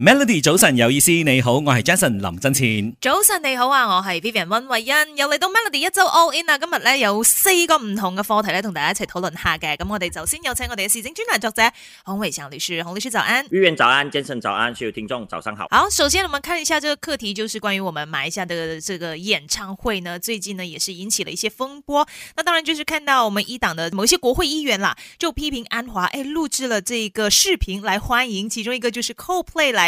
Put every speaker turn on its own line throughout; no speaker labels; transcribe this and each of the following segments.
Melody 早晨有意思，你好，我係 Jason 林振前。
早晨你好啊，我係 Vivian 溫慧欣，又嚟到 Melody 一周 All In 啊，今日咧有四個唔同嘅課題咧，同大家一齊討論下嘅。咁我哋首先有請我哋嘅時政專欄作者洪維祥律師，洪律師早安
，Vivian 早安，Jason 早安，所有聽眾早上好。好，
首先我們看一下這個課題，就是關於我們馬來西亞嘅這個演唱會呢，最近呢也是引起了一些風波。那當然就是看到我們伊黨嘅某些國會議員啦，就批評安華，誒、哎，錄製了這個視頻來歡迎，其中一個就是 Coldplay 來。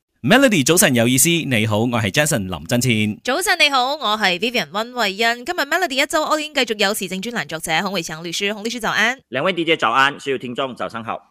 Melody 早晨有意思，你好，我係 Jason 林真千。
早晨你好，我係 Vivian 温慧欣。今日 Melody 一周 All In，我哋繼續有時政專欄作者孔偉強律師，孔律師早安。
兩位 DJ 早安，
所有聽眾早上好。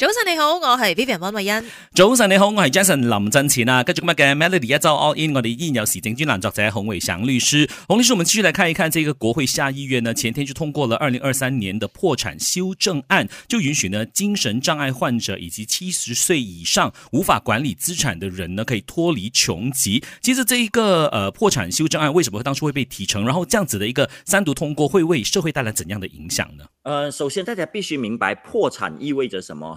早晨你好，我係 Vivian 溫慧欣。
早晨你好，我係 Jason 林振前啊。跟住今日嘅 Melody 一周 All In，我哋依然有時政專欄作者洪偉祥律師。洪律師，我們繼續來看一看呢個國會下議院呢，前天就通過了二零二三年的破產修正案，就允許呢精神障礙患者以及七十歲以上無法管理資產的人呢，可以脱離窮級。其實這一個，呃，破產修正案為什麼當初會被提呈？然後這樣子的一個三讀通過，會為社會帶來怎樣的影響呢？
呃，首先大家必須明白破產意味着什麼。